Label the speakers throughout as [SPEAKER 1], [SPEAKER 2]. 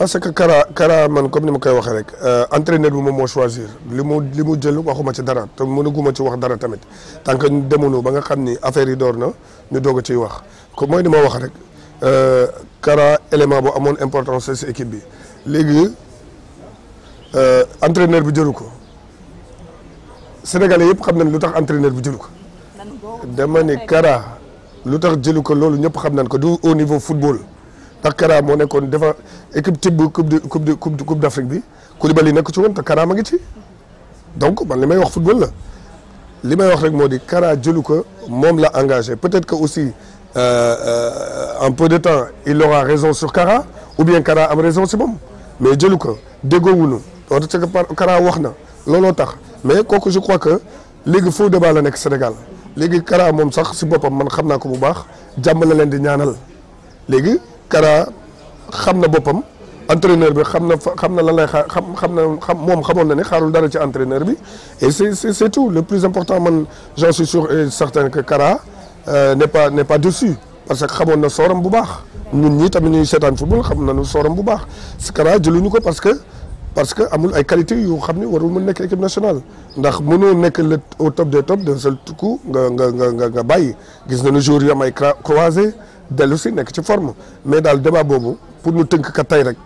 [SPEAKER 1] parce que Kara Kara man comme ni ma koy waxee rek euh, entraîneur bi moom moo choisir li mu li mu jël waxuma ci dara te mënaguma ci wax dara tamit tant que demuñu ba nga xam ni affaire yi door na ñu doog a ciy wax ko mooy ni ma wax rek euh, Kara élément bu amoon importance si équipe bi léegi euh, entraîneur bi jëlu ko Sénégalais yëpp xam nañ lu tax entraîneur bi jëlu ko dama ni Kara lu tax jëlu ko loolu ñëpp xam nañ ko du au niveau football ndax Kara moo nekkoon devant équipe type bu coupe de coupe de coupe d' Afrique bi Koulibaly nekk ci woon te Kara ma ngi ci. donc man li may wax football la li may wax rek moo di Kara jëlu ko moom la engagé peut-être que aussi en euh, euh, peu de temps il aura raison sur Kara ou bien Kara am raison si moom mais jëlu ko déggoowuñu on dirait que Kara wax na looloo tax mais kooku je crois que léegi faux débat la nekk Sénégal léegi Kara moom sax si boppam man xam naa ko bu baax jàmm la leen di ñaanal léegi. Kara xam na boppam entraîneur bi xam na xam na lan lay xaar xam xam na xam moom xamoon na ne xaarul dara ci entraîneur bi et c'est tout le plus important man j'en suis sûr et certain que Kara euh, n'est pas dessus parce que xamoon na sooram bu baax ñun ñii tamit ñuy seetaan football xam nañu sooram bu baax si Kara jëluñu ko parce que parce que amul ay qualité yu xam ne warul mën nekk équipe nationale ndax mënoo nekk le au top des top d'un seul coup nga nga nga nga bàyyi gis nañu joueurs yu am ay croisés dellu si nekk ci forme mais daal débat boobu pour ñu tënk kat tey rek.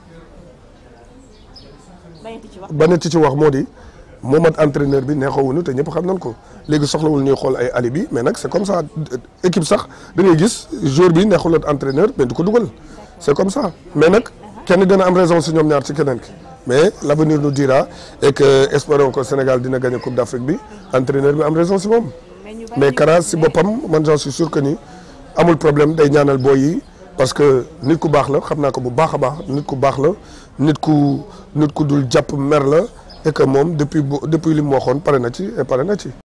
[SPEAKER 1] bañati ci wax moo di moom ak entraîneur bi neexoowuñu te ñëpp xam nañ ko léegi soxlawul ñuy xool ay alibi mais nag c' est comme ça équipe sax da gis joueur bi neexul ak entraîneur mais du ko dugal. c' comme ça mais nag kenn dana am raison si ñoom ñaar ci keneen mais l' avenir nous dira et que espérons que Sénégal dina gagné Coupe d' Afrique bi entraîneur bi am raison si moom. mais Kara si boppam man j'en suis sûr que ni. amul problème day ñaanal booy yi parce que nit ku baax la xam naa ko bu baax a baax nit ku baax la nit ku nit ku dul jàpp mer la et moom depuis depuis li mu waxoon pare
[SPEAKER 2] na ci et pare na ci.